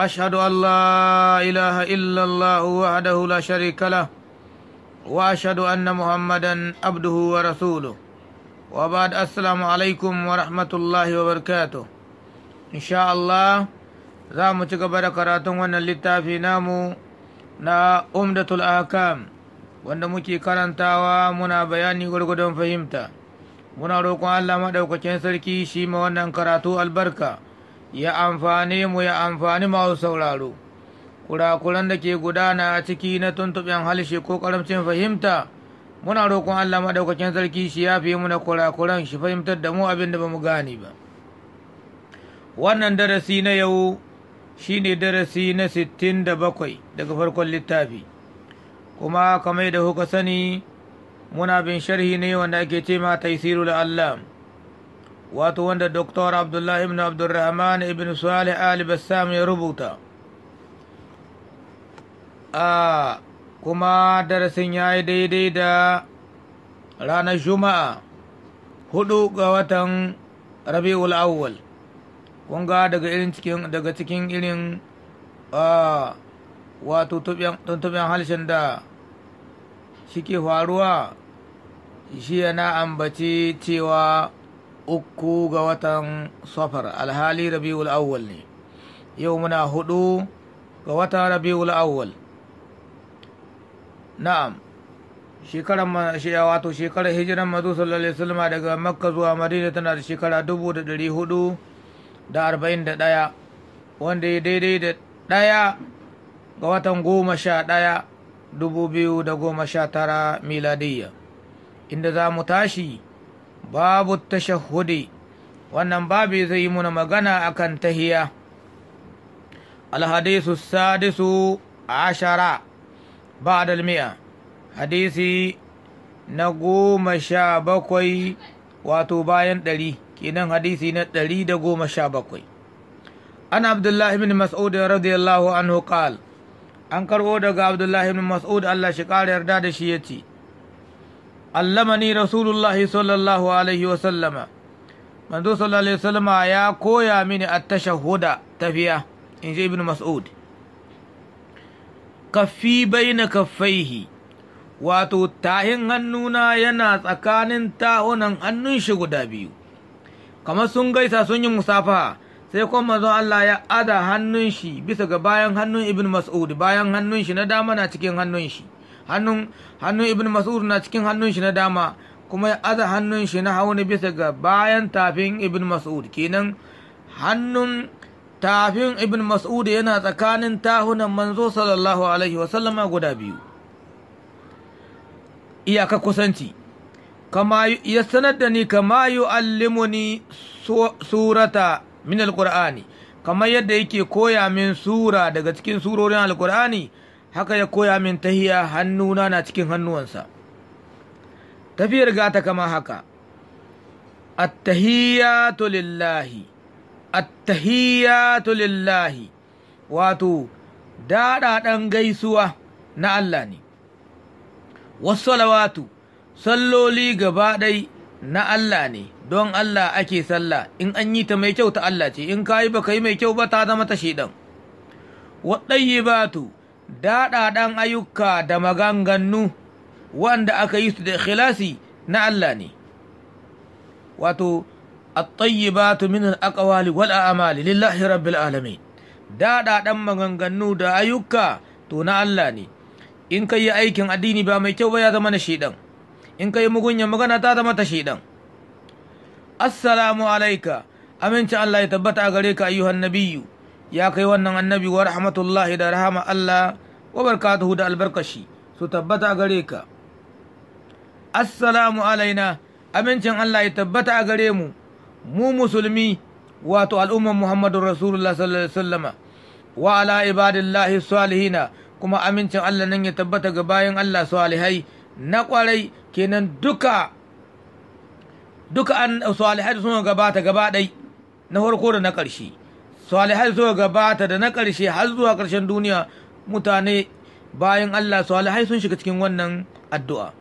أشهد أن لا إله إلا الله وحده لا شريك له وأشهد أن محمدا عبده ورسوله وبعد السلام عليكم ورحمة الله وبركاته إن شاء za mu ci gaba da karatun wannan littafi namu na umdatul ahkam wanda muke karantawa muna bayani gwargwadon fahimta muna rokon allah maɗaukakin sarki shi ma wannan karatu albarka ya amfane mu ya amfani masu sauraro kurakuran da ke gudana a ciki na tuntuɓen halshe ko ƙaramcin fahimta muna roƙon Allah maɗaukakin sarki shi ya fi muna kurakuran shi fahimtar da mu abin da ba mu gane ba wannan darasi na yau shi ne darasi na sittin da bakwai daga farkon littafi kuma kamar da kuka sani muna bin sharhi ne wanda ake ce ma da Allah wato wanda doktor Abdullahi ibn Abdulrahman ibn Salih Ali Bassam ya rubuta. A kuma darasin ya yi daidai da ranar Juma'a hudu ga watan Rabi'ul Awwal. Kun daga cikin daga cikin irin wato tuntuɓen harshen da shi ke faruwa shi yana ambaci cewa uku ga watan safar alhali rabiul awwal ne yau muna hudu ga watan rabiul awwal na'am shekarar wato shekarar hijiran mazu sallallahu alaihi wasallam daga makka zuwa madina tana da shekara dubu da dari hudu da arba'in da ɗaya wanda ya daidai da ɗaya ga watan goma sha ɗaya dubu biyu da goma sha tara miladiyya inda za mu tashi babu tashahudi wannan babi zai yi muna magana a akan tahiya alhadisu sadisu ashara ba'da mi'a hadisi na goma sha bakwai wato bayan ɗari kenan hadisi na ɗari da goma sha bakwai an abdullahi bin mas'ud radiyallahu anhu qal an karɓo daga abdullahi bin mas'ud Allah shi ƙara yarda da shi ya ce allamani rasulullahi sallallahu alaihi manzo sallallahu alaihi ya koya mini at-tashahhuda tafiya in ji ibn mas'ud kaffi baina kaffaihi wato tahin hannuna yana tsakanin tahunan hannun shi guda biyu kamar sun gaisa sun yi musafaha sai kuma manzon Allah ya ada hannun shi bisa ga bayan hannun ibn mas'ud bayan hannun shi na dama na cikin hannun shi hannun hannun ibn mas'ud na cikin hannun shi na dama kuma ya aza hannun shi na ne bisa ga bayan tafin ibn mas'ud kenan hannun tafin ibn mas'ud yana tsakanin tahunan manzo sallallahu alaihi wasallama guda biyu iyaka kusanci ya sanar da ni kama allimuni surata min alqur'ani kamar yadda yake koya min sura daga cikin surorin alqur'ani haka ya koya min tahiya hannuna na cikin hannuwansa tafiyar gata kama haka attahiyatu lillahi attahiyatu lillahi wato Daɗaɗen gaisuwa na Allah ne wasu salloli gaba ɗai na Allah ne don Allah ake sallah in an yi ta mai kyau ta Allah ce in ka yi ba ka yi mai kyau ba ta zama ta shaidan waɗayi batu daɗaɗan ayyuka da maganganu wanda aka yi su da ikhlasi na Allah ne wato at-tayyibatu min al wal'a wal a'mali lillahi rabbil alamin daɗaɗan maganganu da ayyuka to na Allah ne in ka yi aikin addini ba mai kyau ba ya zama na shiɗan. in ka yi mugunyan magana ta zama ta shiɗan. assalamu alaika Aminci Allah ya tabbata a gare ka ayyuhan nabiyyu ya kai wannan annabi wa rahmatullahi da rahama Allah wa barakatuhu da albarkashi su tabbata gare ka assalamu alaina amincin Allah ya tabbata a gare mu mu musulmi wato al'ummar Muhammadun Rasulullah sallallahu alaihi wasallama wa ala ibadillahi salihina kuma amincin Allah nan ya tabbata ga bayan Allah salihai na kwarai kenan duka an salihai sun gabata gaba ɗai na farko da na ƙarshe salihai suka gabata da na ƙarshe har zuwa ƙarshen duniya mutane bayan Allah salihai sun shiga cikin wannan addu'a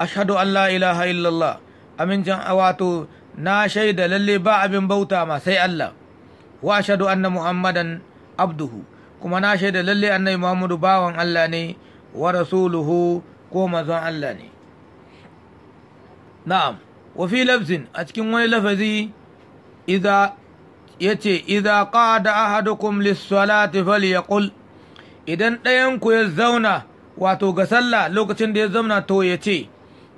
ashadu an la ilaha illallah amincin wato na shaida lalle ba abin bauta ma sai Allah wa ashhadu anna muhammadan abduhu kuma na shaida lalle annabi muhammadu bawan Allah ne wa rasuluhu ko mazan Allah ne na'am wa lafzin a cikin wani lafazi ya ce iza qada ahadukum lis-salati falyaqul idan ɗayanku ya zauna wato ga sallah lokacin da ya zauna to ya ce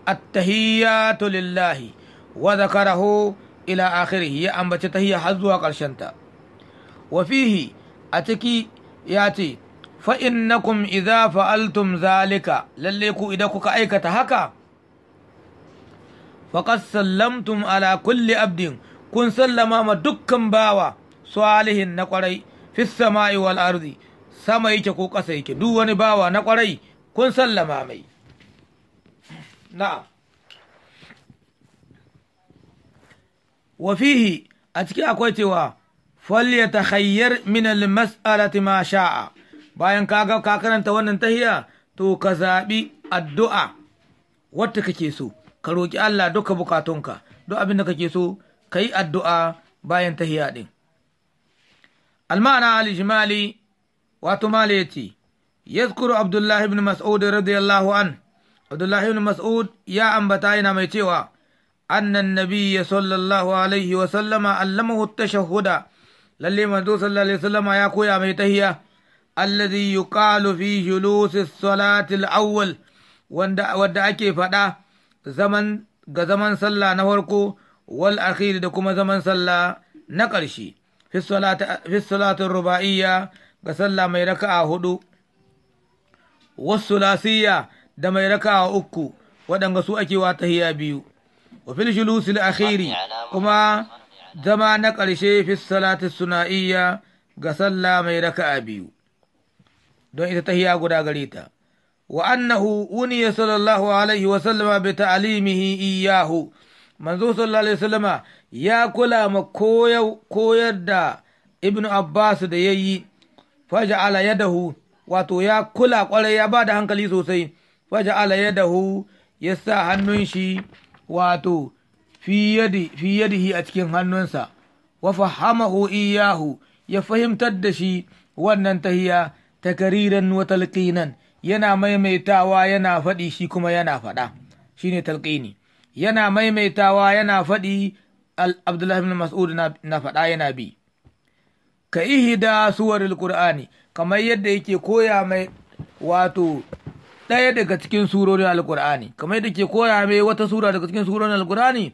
attahiyatu lillahi wa zakarahu ila akhirih ya ambaci tahiyya har zuwa ƙarshenta wa fihi a ciki ya ce fa innakum idza fa'altum zalika lalle ku idan kuka aikata haka faqad sallamtum ala kulli abdin kun sallama ma dukkan bawa salihin na kwarai fis sama'i wal ardi sama yake ko ƙasa yake duk wani bawa na ƙwarai kun sallama mai na'am wafihi a ciki akwai cewa falle ta hayyar minal mas'alati ma sha'a bayan kaga ka karanta wannan tahiya to ka zaɓi addu'a wata kake so ka roƙi Allah duka bukatunka duk abin da kake so ka yi addu'a bayan tahiya ɗin almana al wato mala ya ce yazkuru abdullahi ibn mas'ud radiyallahu an abdullahi ibn mas'ud ya ambata yana mai cewa annan nabiyya sallallahu alaihi wa sallama allamahu tashahhuda lalle manzo sallallahu alaihi ya koya mai tahiya alladhi yuqalu fi julusi salati al-awwal wanda wadda ake faɗa zaman ga zaman sallah na farko wal akhir da kuma zaman sallah na ƙarshe fi ruba'iyya ga sallah mai raka'a hudu wasu lasiyya da mai raka'a uku waɗanga su ake wa tahiya biyu wa fil julusil akhiri kuma zama na ƙarshe fi salati suna'iyya ga sallah mai raka'a biyu don ita tahiya guda gare ta wa annahu ya sallallahu alaihi wa sallama bi ta'limihi iyyahu manzo sallallahu alaihi wasallama ya kula ma koyar da ibnu abbas da yayi faja'ala yadahu wato ya kula kwarai ya ba da hankali sosai faja'ala dahu ya sa hannun shi wato fi yadihi a cikin hannunsa wa fahamahu iyahu ya fahimtar da shi wannan tahiya kariran wa talqinan yana maimaitawa yana faɗi shi kuma yana faɗa ne talqini yana maimaitawa yana faɗi Abdullahi bin Mas'ud na faɗa yana bi ka ihida suwaril qur'ani kamar yadda yake koya mai wato ɗaya daga cikin surorin Alƙur'ani, kamar yadda ke koya mai wata sura daga cikin surorin alkur'ani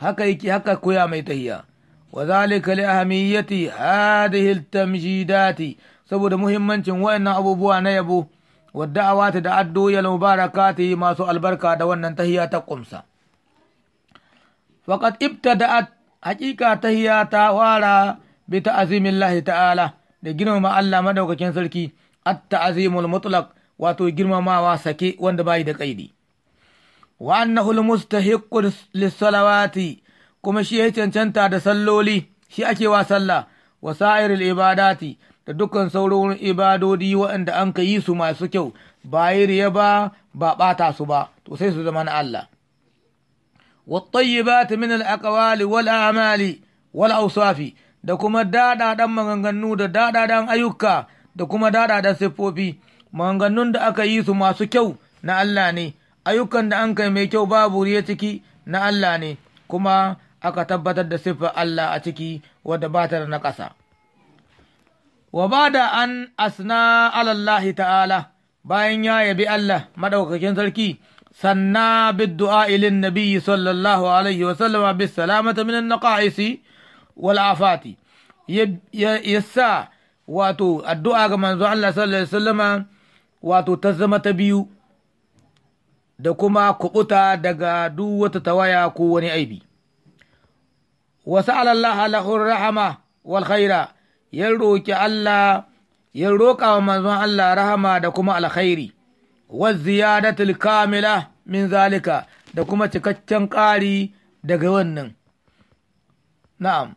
haka yake haka koya mai tahiya wa zalika li ahmiyati hadhihi saboda muhimmancin wayannan abubuwa na yabo wa da'awati da addu'a mubarakati masu albarka da wannan tahiya ta kumsa faqad ibtada'at haqiqa tahiya ta fara bi ta'azimin ta'ala da girmama Allah madaukakin sarki at ta'azimul mutlaq wato girmamawa sake wanda bai da kaidi wa annahu al lis salawati kuma shi ya cancanta da salloli shi ake wa sallah wa sa'iril ibadati da dukkan sauran ibadodi waɗanda an ka yi su masu kyau ba yi ba ba ɓata su ba to sai su zama na Allah والطيبات wal amali/ wal والأوصاف da kuma daɗaɗan maganganu da daɗaɗan ayyuka da kuma daɗaɗan siffofi maganganun da aka yi su masu kyau na Allah ne ayyukan da an kai mai kyau babu riya ciki na Allah ne kuma aka tabbatar da siffar Allah a ciki wadda ba ta da na ƙasa. Wa ba da an asna alallahi ta'ala bayan ya yabi Allah madaukakin sarki sannan bi du'a ilin nabi sallallahu alaihi wa sallama bis salamata minan naqa'isi wal'afati ya sa wato addu'a ga manzo Allah sallallahu alaihi wasallama wato ta zama ta biyu da kuma kubuta daga duk wata tawaya ko wani aibi wasu Allah lahur rahama wal khaira ya roki Allah ya roƙa wa manzon Allah rahama da kuma alkhairi wa ziyadatul kamila min zalika da kuma cikakken ƙari daga wannan na'am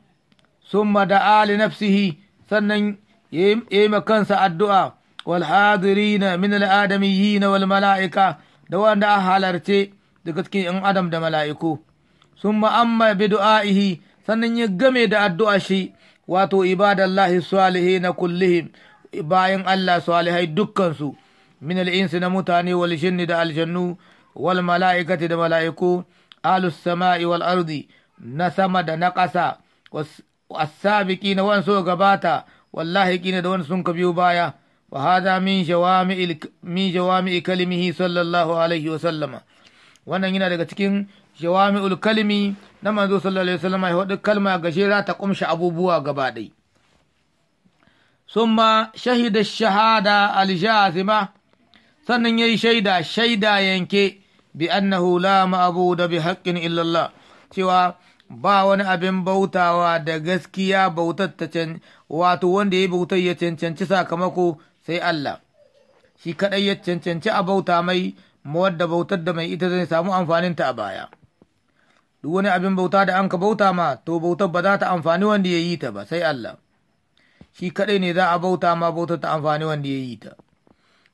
sun da'a li nafsihi sannan ya yi kansa addu'a wal hadirina min al'adamiyyi na wal mala'ika da wanda a halarce daga cikin ‘yan adam da mala'iku sun ma'amma bi du'a'ihi sannan ya game da addu'a shi wato ibadallahi salihi na kullihim bayan Allah salihai dukkansu min al'insu na mutane wal shinni da aljannu wal mala'ikati da mala'iku alus sama'i wal arzi na sama da na ƙasa as-sabiqi na wani suka gabata wallahi kina da wani sun biyo baya wa hada min jawami min sallallahu alaihi wa sallama wannan yana daga cikin jawami'ul kalimi na manzo sallallahu alaihi wasallam ya hudu kalma gajera ta kumshi abubuwa gaba ɗai summa shahida shahada aljazima sannan yayi shaida shaida yanke bi annahu la ma'budu bi haqqin illa Allah cewa ba wani abin bautawa da gaskiya bautar ta can wato wanda ya bautar ya cancanci sakamako sai Allah shi kaɗai ya cancanci a bauta mai mawadda bautar da mai ita zai samu amfaninta a baya duk wani abin bauta da an ka bauta ma to bautar ba za ta amfani wanda ya yi ta ba sai Allah shi kaɗai ne za a bauta ma bautar ta amfani wanda ya yi ta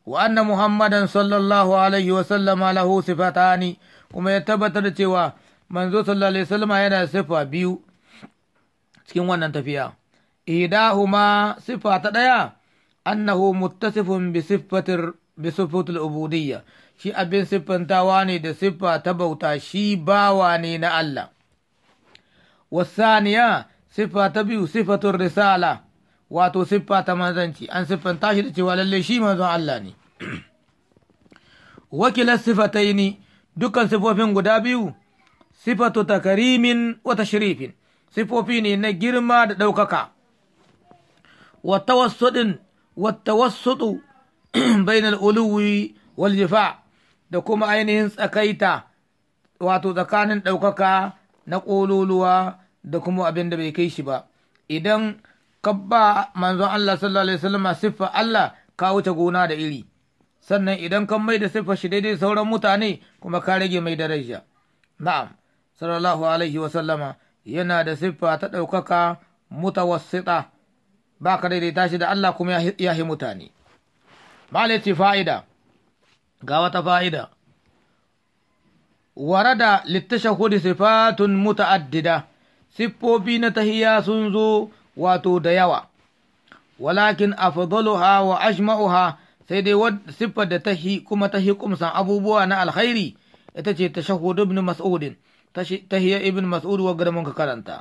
wa anna muhammadan sallallahu alaihi wa sallama lahu sifatani kuma ya tabbatar da cewa manzo sallallahu alaihi yana sifa biyu cikin wannan tafiya idahuma sifa ta ɗaya annahu muttasifun bi siffatir bi siffatul ubudiyya shi abin siffantawa ne da siffa ta bauta shi bawa ne na Allah wasaniya siffa ta biyu siffatul risala wato siffa ta manzanci an siffanta shi da cewa lalle shi manzon Allah ne wakilar ne. dukkan siffofin guda biyu sifatu takarimin wa tashrifin sifofi ne na girma da ɗaukaka wa tawassudin wa tawassudu bainal uluwi wal jifa da kuma ainihin tsakaita wato tsakanin ɗaukaka na ƙololuwa da kuma abin da bai kai shi ba idan ka ba manzon Allah sallallahu alaihi wasallam siffa Allah ka wuce gona da iri sannan idan ka mai da siffa shi daidai sauran mutane kuma ka rage mai daraja na'am sallallahu alaihi wasallama yana da siffa ta ɗaukaka mutawassita ba ka daidaita shi da Allah kuma ya yi mutane. Malaci fa'ida, ga wata fa'ida, warada littashahudi sifatun muta'addida, siffofi na tahiya sun zo wato da yawa, walakin afdaluha wa ashma'uha sai dai siffar da tahi kuma tahi kumsan abubuwa na alkhairi ita ce tashahudu ibn mas'udin. tahiyar ibn mas'ud wagga ka karanta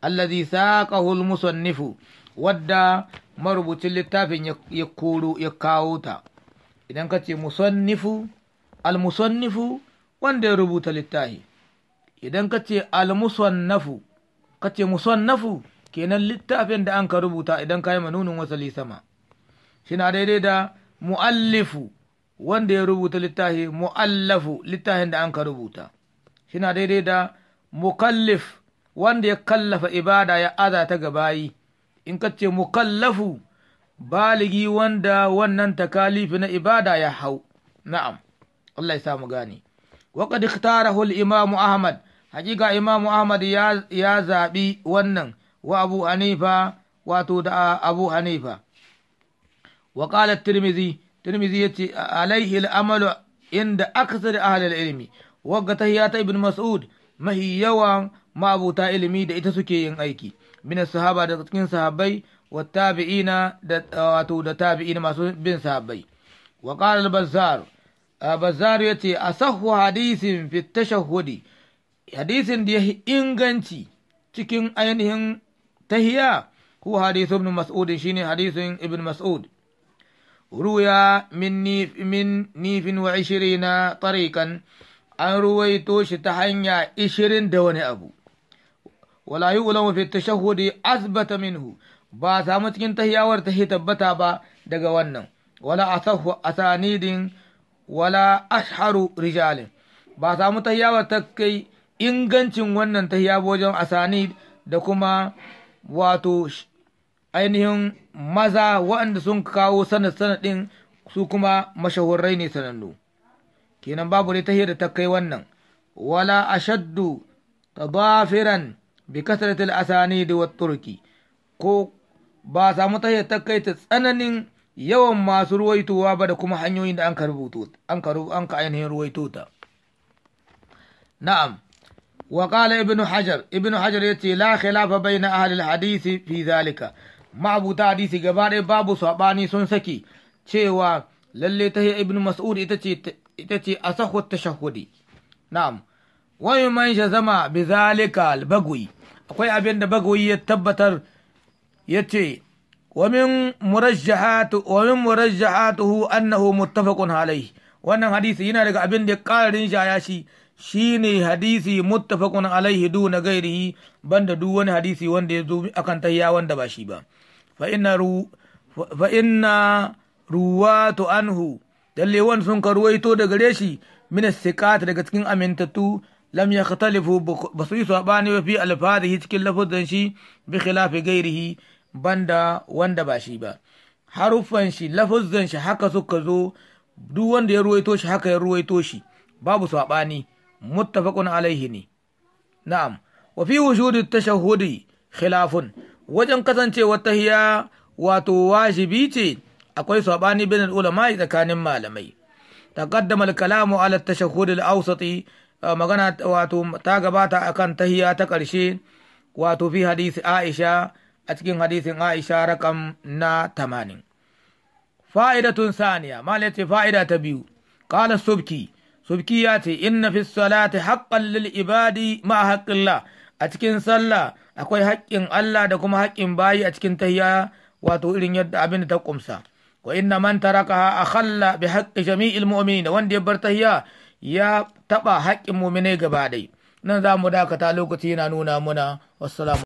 allazi saqahu al-musannifu wadda marubucin littafin ya koro ya kawo ta idan ka ce musannifu al-musannifu wanda ya rubuta littafi idan ka ce al-musannafu ka ce nafu, kenan littafin da an ka rubuta idan ka yi manunin wasali sama shina daidai da mu'allifu wanda ya rubuta littafi mu'allafu littafin da an ka rubuta shina daidai da mukallif wanda ya kallafa ibada ya aza ta gabayi in ka ce mukallafu baligi wanda wannan takalifi na ibada ya hau na'am Allah ya samu gane waqad ikhtarahu al-imam Ahmad hakika imam Ahmad ya ya zabi wannan wa Abu Hanifa wato da Abu Hanifa wa qala at-Tirmidhi Tirmidhi yace alaihi al-amalu inda aksar ahli al-ilmi wagga tahiya ta ibn mas'ud mahi yawan ma'abuta ilimi da ita suke yin aiki min sahaba da cikin sahabbai wa tabi'ina da wato da tabi'ina masu bin sahabbai wa qala al-bazzar bazzar yace asahhu hadisin fi tashahhudi hadisin da yahi inganci cikin ainihin tahiya ko hadisin ibn mas'ud shine hadisin ibn mas'ud ruya min nifin wa 20 tariqan an ruwaito shi ta hanya ishirin da wani abu wala yi ulama fi tashahudi asbata minhu ba a samu cikin tahiyawar ta tabbata ba daga wannan wala asahu asanidin wala asharu rijalin ba a samu tahiyawar ta kai ingancin wannan tahiya wajen asanid da kuma wato ainihin maza waɗanda sun kawo sanad sanadin su kuma mashahurai ne sanannu kenan babu dai tahiyar da ta kai wannan wala ashaddu tadafiran bi kasratil asani da turki ko ba samu tahiyar ta kai ta tsananin yawan masu ruwaitowa ba da kuma hanyoyin da an ka rubuto an ka an ka ainihin ruwaito ta na'am wa qala ibnu hajar ibnu hajar yace la khilafa baina ahli hadisi fi zalika ma'abuta hadisi gaba ɗaya babu saɓani sun saki cewa lalle ta ibn mas'ud ita ce ita ce asahu tashahudi na'am wani man zama bi zalika akwai abin da bagwi ya tabbatar ya ce ومن مرجحات an na أنه متفق عليه wannan hadisi yana daga abin da kara shaya shi shine hadisi muttafaqun alaihi na gairihi banda duk wani hadisi wanda ya zo akan tayya wanda ba shi ba fa inna ru fa inna ruwatu anhu dalle wan sun karuwaito da gare shi min sikata daga cikin amintattu lam khatalifu ba su yi sabani ba fi alfadhihi cikin lafazan shi bi khilafi gairihi banda wanda ba shi ba haruffan shi lafazan shi haka suka zo duk wanda ya ruwaito shi haka ya ruwaito shi babu sabani muttafaqun alaihi ne na'am wa fi wujudi tashahhudi khilafun wajen kasancewar tahiya wato wajibi ce akwai sabani bin ulama tsakanin malamai taqaddama al-kalamu ala at-tashahhud al-awsati magana wato ta gabata akan tahiya ta karshe wato fi hadisi Aisha a cikin hadisin Aisha rakam na tamanin. Fa'idatun saniya, mala fa'ida ta biyu, kala subki, subki ya ce, inna fi salati haƙƙan lil ibadi ma haƙƙillah a cikin sallah akwai haƙƙin Allah da kuma haƙƙin bayi a cikin tahiya wato irin yadda abin da ta ƙumsa. وإن من تركها أخل بحق جميع المؤمنين وان دي برتهيا يا تبا حق المؤمنين قبادي نظام داكتا لوكتين نونا منا والسلام